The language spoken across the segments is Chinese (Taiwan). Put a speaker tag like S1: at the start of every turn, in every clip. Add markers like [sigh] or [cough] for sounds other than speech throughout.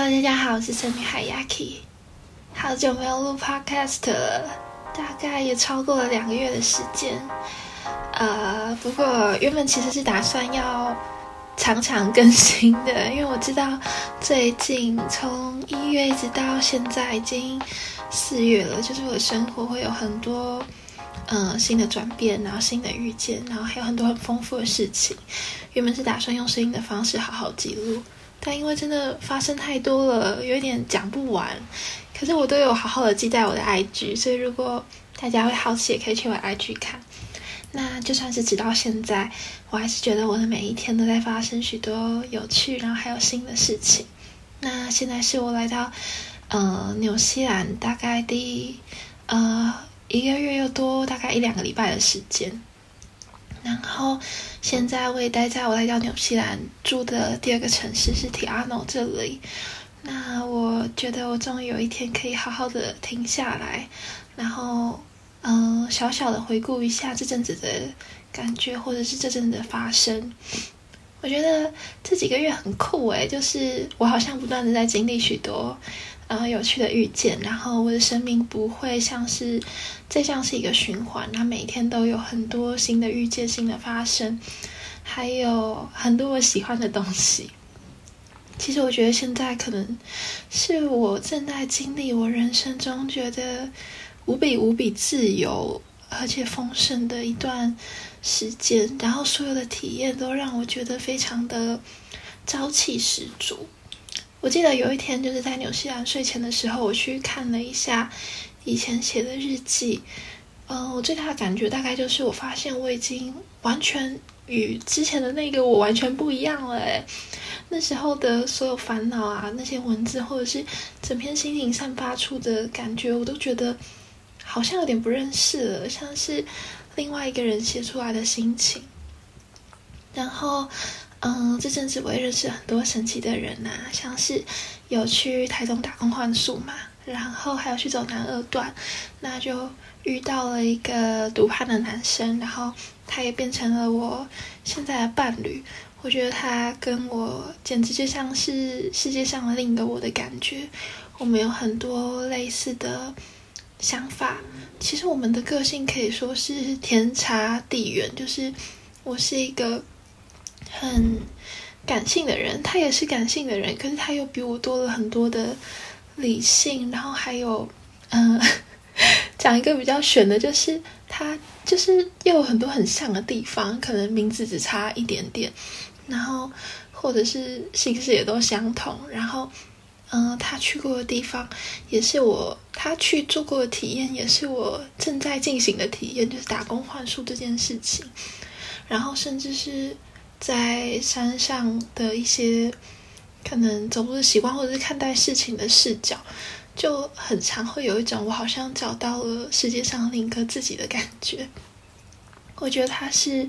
S1: Hello，大家好，我是深女孩 Yaki。好久沒有錄 Podcast 了，大概也超過了兩個月的時間。呃，不過原本其實是打算要常常更新的，因為我知道最近從一月一直到現在已經四月了，就是我的生活會有很多呃新的轉變，然後新的遇見，然後還有很多很豐富的事情。原本是打算用聲音的方式好好記錄。但因為真的發生太多了，有點講不完。可是我都有好好的記在我的 IG，所以如果大家會好奇，也可以去我的 IG 看。那就算是直到現在，我還是覺得我的每一天都在發生許多有趣，然後還有新的事情。那現在是我來到呃紐西蘭大概第呃一個月又多，大概一兩個禮拜的時間。然後，現在我也待在我來到紐西蘭住的第二個城市，是 Te Anau 這裡。那我覺得我終於有一天可以好好的停下來，然後嗯小小的回顧一下這陣子的感覺，或者是這陣子的發生。我覺得這幾個月很酷誒，就是我好像不斷的在經歷許多，然後有趣的遇見，然後我的生命不會像是，這像是一個循環。那每天都有很多新的遇見，新的發生，還有很多我喜歡的東西。其實我覺得現在可能是我正在經歷我人生中覺得無比無比自由而且豐盛的一段時間，然後所有的體驗都讓我覺得非常的朝氣十足。我記得有一天，就是在紐西蘭睡前的時候，我去看了一下以前寫的日記。嗯、呃，我最大的感覺大概就是，我發現我已經完全與之前的那個我完全不一樣了誒。那時候的所有煩惱啊，那些文字或者是整篇心情散發出的感覺，我都覺得好像有點不認識了，像是另外一個人寫出來的心情。然後。嗯，這陣子我也認識很多神奇的人吶、啊，像是有去台中打工換宿嘛，然後還有去走南二段，那就遇到了一個獨攀的男生，然後他也變成了我現在的伴侶。我覺得他跟我簡直就像是世界上的另一個我的感覺，我們有很多類似的想法。其實我們的個性可以說是天差地遠，就是我是一個，很感性的人，他也是感性的人，可是他又比我多了很多的理性，然後還有，嗯、呃，講一個比較玄的，就是他就是又有很多很像的地方，可能名字只差一點點，然後或者是姓氏也都相同，然後，嗯、呃，他去過的地方也是我他去做過的體驗，也是我正在進行的體驗，就是打工換宿這件事情，然後甚至是。在山上的一些可能走路的習慣，或者是看待事情的視角，就很常會有一種我好像找到了世界上另一個自己的感覺。我覺得它是，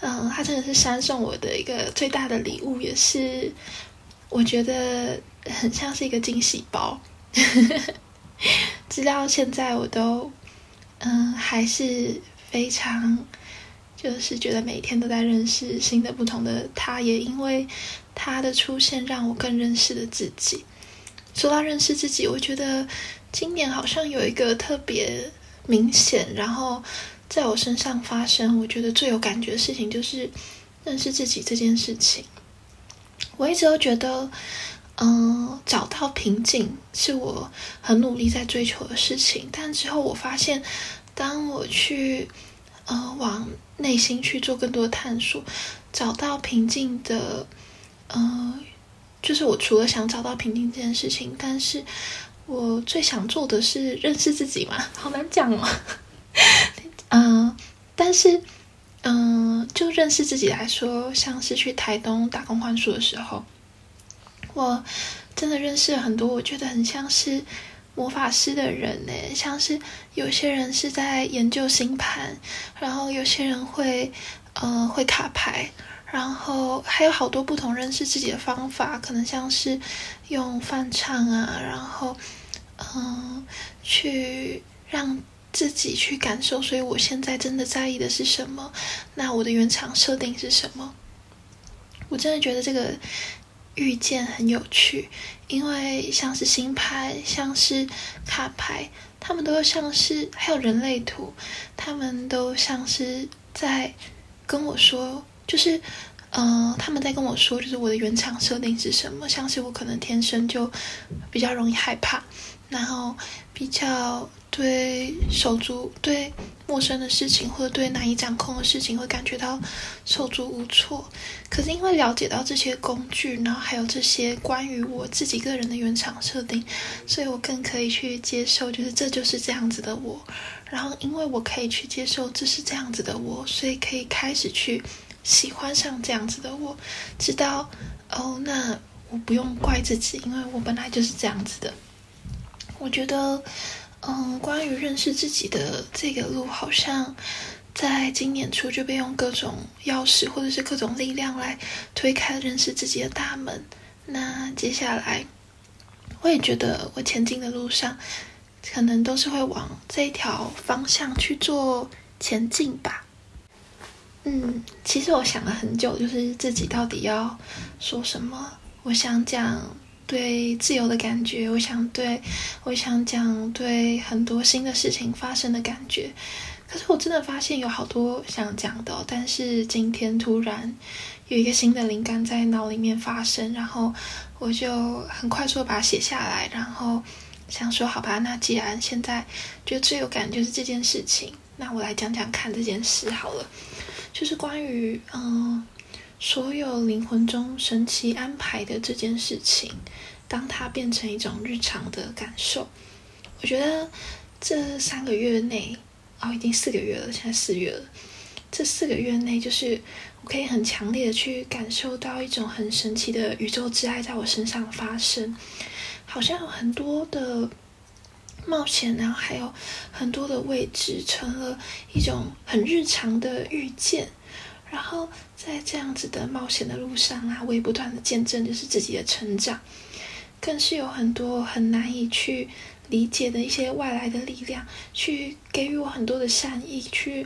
S1: 嗯，它真的是山送我的一個最大的禮物，也是我覺得很像是一個驚喜包。 [laughs] 直到現在，我都嗯還是非常。就是覺得每天都在認識新的不同的他，也因為他的出現讓我更認識了自己。說到認識自己，我覺得今年好像有一個特別明顯，然後在我身上發生，我覺得最有感覺的事情就是認識自己這件事情。我一直都覺得，嗯、呃，找到平靜是我很努力在追求的事情，但之後我發現，當我去。呃，往內心去做更多的探索，找到平靜的，呃，就是我除了想找到平靜這件事情，但是我最想做的是認識自己嘛，好難講哦。嗯、 [laughs] 呃，但是，嗯、呃，就認識自己來說，像是去台東打工換宿的時候，我真的認識了很多，我覺得很像是。魔法師的人呢，欸，像是有些人是在研究星盤，然後有些人會，呃，會卡牌，然後還有好多不同認識自己的方法，可能像是用翻唱啊，然後，嗯、呃，去讓自己去感受。所以我現在真的在意的是什麼？那我的原廠設定是什麼？我真的覺得這個。遇見很有趣，因為像是星牌，像是卡牌，他們都像是還有人類圖，他們都像是在跟我說，就是，嗯、呃，他們在跟我說，就是我的原廠設定是什麼，像是我可能天生就比較容易害怕，然後比較對手足對。陌生的事情，或者對難以掌控的事情，會感覺到手足無措。可是因為了解到這些工具，然後還有這些關於我自己個人的原廠設定，所以我更可以去接受，就是這就是這樣子的我。然後因為我可以去接受這是這樣子的我，所以可以開始去喜歡上這樣子的我。知道哦，那我不用怪自己，因為我本來就是這樣子的。我覺得。嗯，關於認識自己的這個路，好像在今年初就被用各種鑰匙或者是各種力量來推開認識自己的大門。那接下來，我也覺得我前進的路上，可能都是會往這一條方向去做前進吧。嗯，其實我想了很久，就是自己到底要說什麼。我想講。對自由的感覺，我想對，我想講對很多新的事情發生的感覺。可是我真的發現有好多想講的，哦，但是今天突然有一個新的靈感在腦裡面發生，然後我就很快速地把它寫下來，然後想說好吧，那既然現在就最有感就是這件事情，那我來講講看這件事好了，就是關於嗯。所有靈魂中神奇安排的這件事情，當它變成一種日常的感受，我覺得這三個月內，哦，已經四個月了，現在四月了。這四個月內，就是我可以很強烈的去感受到一種很神奇的宇宙之愛在我身上發生，好像有很多的冒險，然後還有很多的未知成了一種很日常的遇見。然後在這樣子的冒險的路上啊，我也不斷的見證，就是自己的成長，更是有很多很難以去理解的一些外來的力量，去給予我很多的善意，去，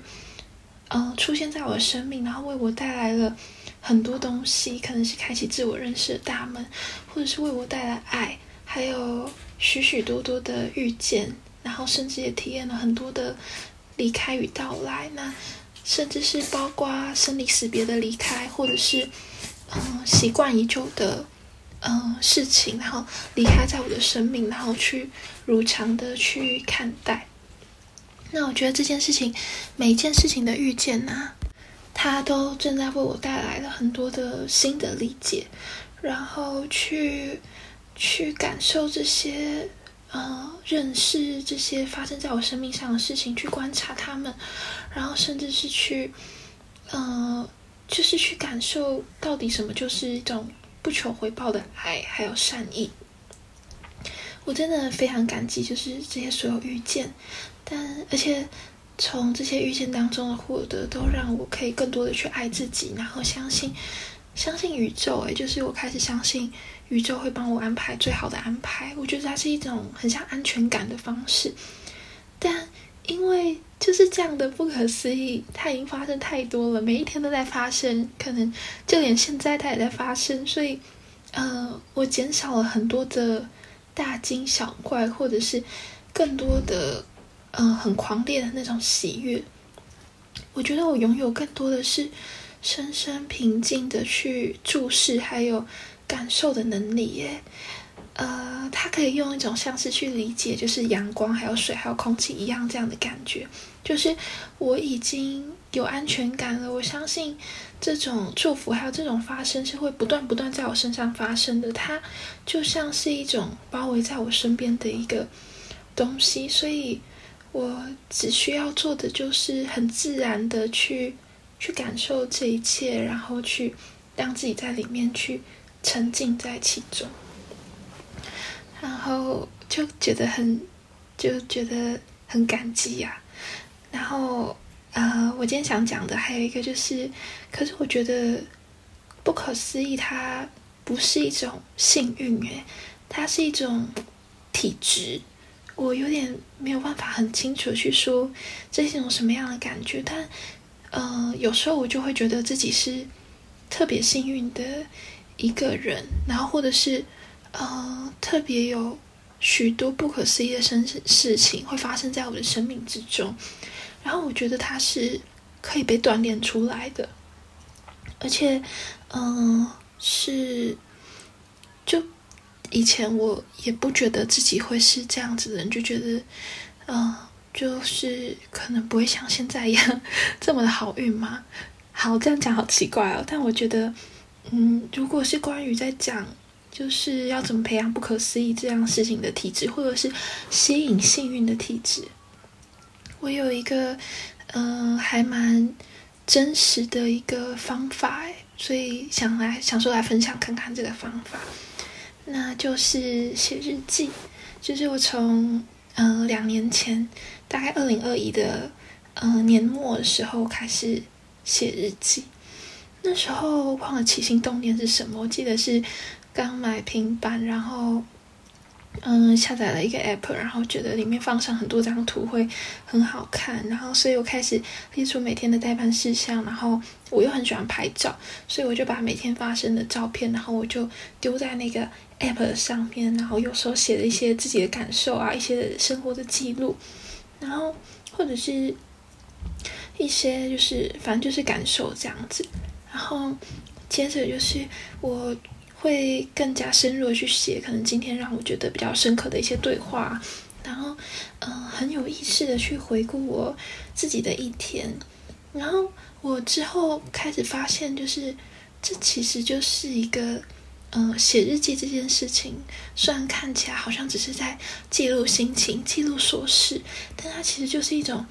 S1: 嗯、呃，出現在我的生命，然後為我帶來了很多東西，可能是開啟自我認識的大門，或者是為我帶來愛，還有許許多多的遇見，然後甚至也體驗了很多的離開與到來，那。甚至是包括生離死別的離開，或者是嗯、呃、習慣已久的嗯、呃、事情，然後離開在我的生命，然後去如常的去看待。那我覺得這件事情，每一件事情的遇見吶、啊，它都正在為我帶來了很多的新的理解，然後去去感受這些。呃，認識這些發生在我生命上的事情，去觀察他們，然後甚至是去，呃，就是去感受到底什麼就是一種不求回報的愛，還有善意。我真的非常感激，就是這些所有遇見，但而且從這些遇見當中的獲得，都讓我可以更多的去愛自己，然後相信。相信宇宙，哎，就是我開始相信宇宙會幫我安排最好的安排。我覺得它是一種很像安全感的方式，但因為就是這樣的不可思議，它已經發生太多了，每一天都在發生，可能就連現在它也在發生。所以，呃，我減少了很多的大驚小怪，或者是更多的，嗯、呃，很狂烈的那種喜悅。我覺得我擁有更多的是。深深平靜的去注視，還有感受的能力耶，呃，它可以用一種像是去理解，就是陽光、還有水、還有空氣一樣這樣的感覺，就是我已經有安全感了。我相信這種祝福還有這種發生是會不斷不斷在我身上發生的。它就像是一種包圍在我身邊的一個東西，所以我只需要做的就是很自然的去。去感受這一切，然後去讓自己在裡面去沉浸在其中，然後就覺得很就覺得很感激呀、啊。然後，呃，我今天想講的還有一個就是，可是我覺得不可思議，它不是一種幸運誒，它是一種體質。我有點沒有辦法很清楚去說這是一種什麼樣的感覺，但。嗯、呃，有時候我就會覺得自己是特別幸運的一個人，然後或者是呃，特別有許多不可思議的生事情會發生在我的生命之中，然後我覺得它是可以被鍛鍊出來的，而且，嗯、呃，是就以前我也不覺得自己會是這樣子的人，就覺得嗯。呃就是可能不會像現在一樣這麼的好運嘛。好，這樣講好奇怪哦。但我覺得，嗯，如果是關於在講就是要怎麼培養不可思議這樣事情的體質，或者是吸引幸運的體質，我有一個嗯、呃、還蠻真實的一個方法哎，所以想來想說來分享看看這個方法，那就是寫日記。就是我從嗯、呃、兩年前。大概二零二一的，嗯、呃，年末的時候開始寫日記。那時候忘了起心動念是什麼，我記得是剛買平板，然後嗯下載了一個 app，然後覺得裡面放上很多張圖會很好看，然後所以我開始列出每天的待辦事項。然後我又很喜歡拍照，所以我就把每天發生的照片，然後我就丟在那個 app 上面。然後有時候寫了一些自己的感受啊，一些生活的記錄。然後，或者是一些就是，反正就是感受這樣子。然後接着就是，我會更加深入的去寫，可能今天讓我覺得比較深刻的一些對話。然後，嗯、呃，很有意識的去回顧我自己的一天。然後我之後開始發現，就是這其實就是一個。嗯、呃，寫日記這件事情，雖然看起來好像只是在記錄心情、記錄瑣事，但它其實就是一種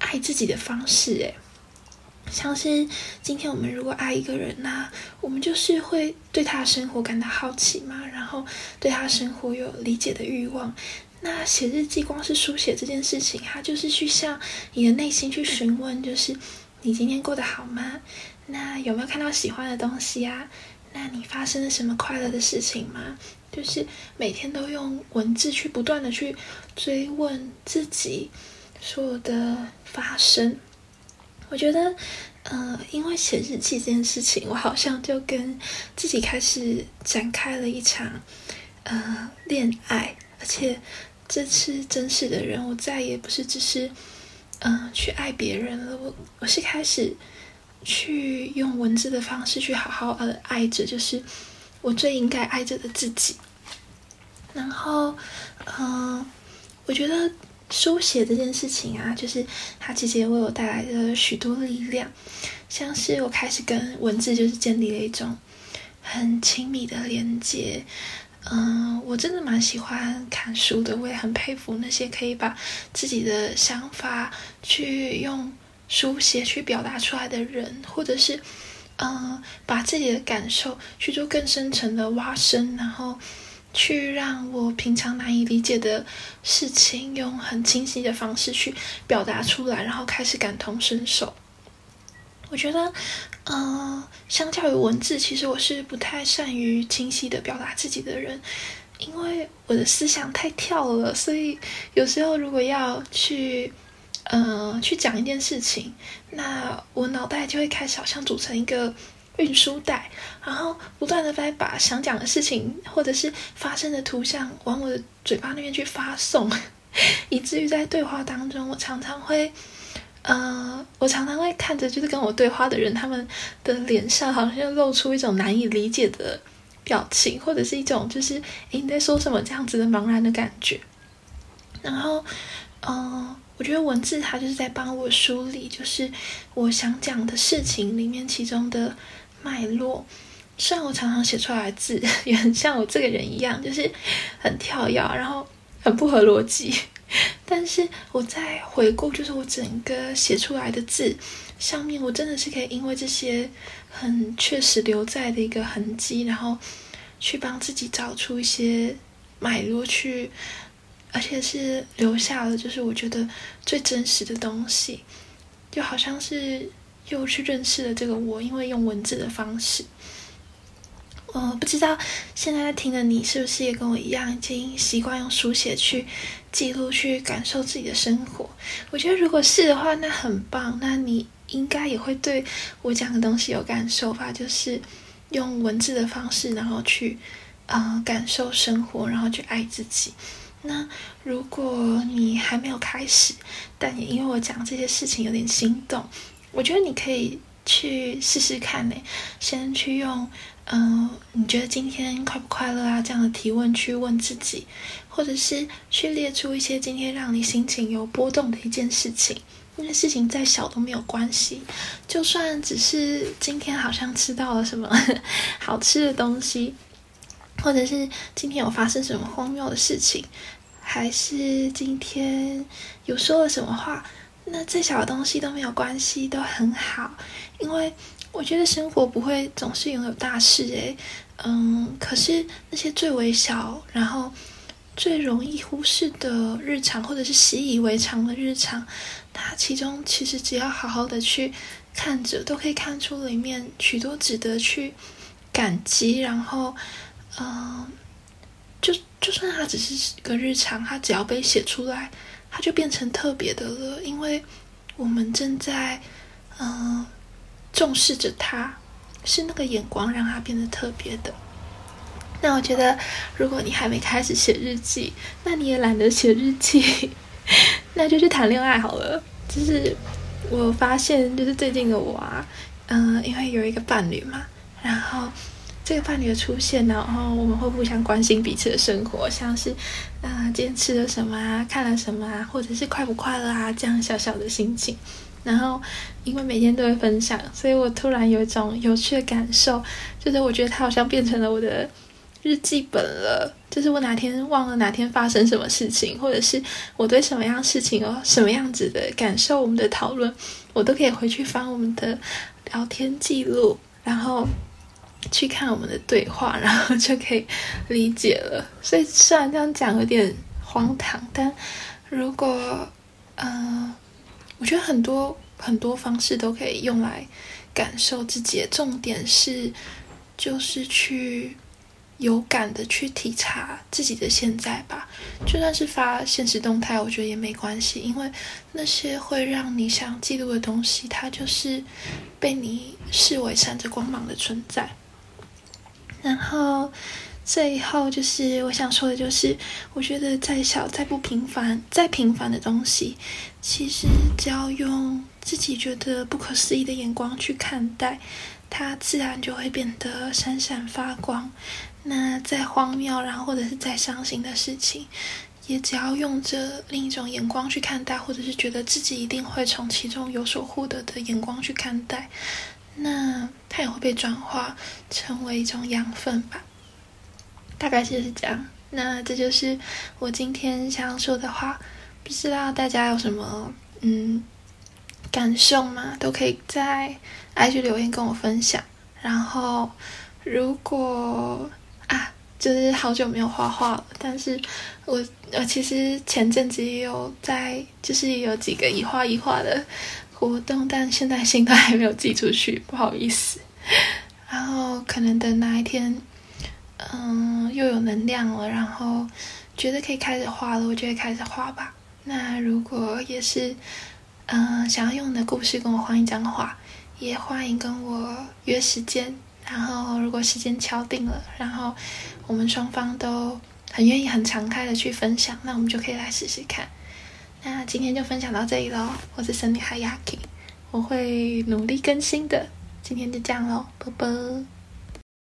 S1: 愛自己的方式。誒，像是今天我們如果愛一個人吶、啊，我們就是會對他的生活感到好奇嘛，然後對他的生活有理解的慾望。那寫日記光是書寫這件事情，它就是去向你的內心去詢問，就是你今天過得好嗎？那有沒有看到喜歡的東西啊？那你發生了什麼快樂的事情嗎？就是每天都用文字去不斷的去追問自己所有的發生。我覺得，呃，因為寫日記這件事情，我好像就跟自己開始展開了一場呃戀愛，而且這次真實的人，我再也不是只是呃去愛別人了，我我是開始。去用文字的方式去好好呃愛着，就是我最應該愛着的自己。然後，嗯，我覺得書寫這件事情啊，就是它直接為我帶來了許多力量。像是我開始跟文字就是建立了一種很親密的連接。嗯，我真的蠻喜歡看書的，我也很佩服那些可以把自己的想法去用。書寫去表達出來的人，或者是，呃，把自己的感受去做更深層的挖深，然後去讓我平常難以理解的事情，用很清晰的方式去表達出來，然後開始感同身受。我覺得，呃，相較於文字，其實我是不太善於清晰的表達自己的人，因為我的思想太跳了，所以有時候如果要去。呃，去講一件事情，那我腦袋就會開始好像組成一個運輸帶，然後不斷的在把想講的事情或者是發生的圖像往我的嘴巴那邊去發送，以至於在對話當中，我常常會，呃，我常常會看着就是跟我對話的人，他們的臉上好像露出一種難以理解的表情，或者是一種就是哎你在說什麼這樣子的茫然的感覺，然後，嗯、呃。我覺得文字它就是在幫我梳理，就是我想講的事情裡面其中的脈絡。雖然我常常寫出來的字也很像我這個人一樣，就是很跳躍，然後很不合邏輯，但是我在回顧，就是我整個寫出來的字上面，我真的是可以因為這些很確實留在的一個痕跡，然後去幫自己找出一些脈絡去。而且是留下了，就是我覺得最真實的東西，就好像是又去認識了這個我，因為用文字的方式。我、呃、不知道現在在聽的你是不是也跟我一樣，已經習慣用書寫去記錄、去感受自己的生活？我覺得如果是的話，那很棒。那你應該也會對我講的東西有感受吧？就是用文字的方式，然後去啊、呃、感受生活，然後去愛自己。那如果你還沒有開始，但也因為我講這些事情有點心動，我覺得你可以去試試看呢。先去用，嗯、呃，你覺得今天快不快樂啊？這樣的提問去問自己，或者是去列出一些今天讓你心情有波動的一件事情，因為事情再小都沒有關係，就算只是今天好像吃到了什麼呵呵好吃的東西。或者是今天有發生什麼荒謬的事情，還是今天有說了什麼話，那最小的東西都沒有關係，都很好，因為我覺得生活不會總是擁有大事誒。嗯，可是那些最微小，然後最容易忽視的日常，或者是習以為常的日常，它其中其實只要好好的去看着，都可以看出裡面許多值得去感激，然後。嗯，就就算它只是一個日常，它只要被寫出來，它就變成特別的了。因為我們正在嗯重視着它，是那個眼光讓它變得特別的。那我覺得，如果你還沒開始寫日記，那你也懶得寫日記， [laughs] 那就去談戀愛好了。就是我發現，就是最近的我啊，嗯，因為有一個伴侶嘛，然後。這個伴侶的出現，然後我們會互相關心彼此的生活，像是，啊、呃，今天吃了什麼啊，看了什麼啊，或者是快不快樂啊，這樣小小的心情。然後，因為每天都會分享，所以我突然有一種有趣的感受，就是我覺得它好像變成了我的日記本了。就是我哪天忘了哪天發生什麼事情，或者是我對什麼樣事情有，什麼樣子的感受，我們的討論，我都可以回去翻我們的聊天記錄，然後。去看我們的對話，然後就可以理解了。所以雖然這樣講有點荒唐，但如果，嗯、呃，我覺得很多很多方式都可以用來感受自己的。重點是，就是去有感的去體察自己的現在吧。就算是發限時動態，我覺得也沒關係，因為那些會讓你想記錄的東西，它就是被你視為閃着光芒的存在。然後，最後就是我想說的，就是我覺得再小、再不平凡、再平凡的東西，其實只要用自己覺得不可思議的眼光去看待，它自然就會變得閃閃發光。那再荒謬，然後或者是再傷心的事情，也只要用這另一種眼光去看待，或者是覺得自己一定會從其中有所獲得的眼光去看待。那它也會被轉化成為一種養分吧，大概就是這樣。那這就是我今天想要說的話，不知道大家有什麼嗯感受嗎？都可以在 IG 留言跟我分享。然後如果啊，就是好久沒有畫畫了，但是我我其實前陣子也有在，就是也有幾個一畫一畫的，活動，但現在信都還沒有寄出去，不好意思。 [laughs] 然後可能等哪一天，嗯，又有能量了，然後覺得可以開始畫了，我就會開始畫吧。那如果也是，嗯，想要用你的故事跟我換一張畫，也歡迎跟我約時間。然後如果時間敲定了，然後我們雙方都很願意、很敞開的去分享，那我們就可以來試試看。那今天就分享到這裡嘍，我是森女孩雅琪，我會努力更新的。今天就這樣嘍，拜拜。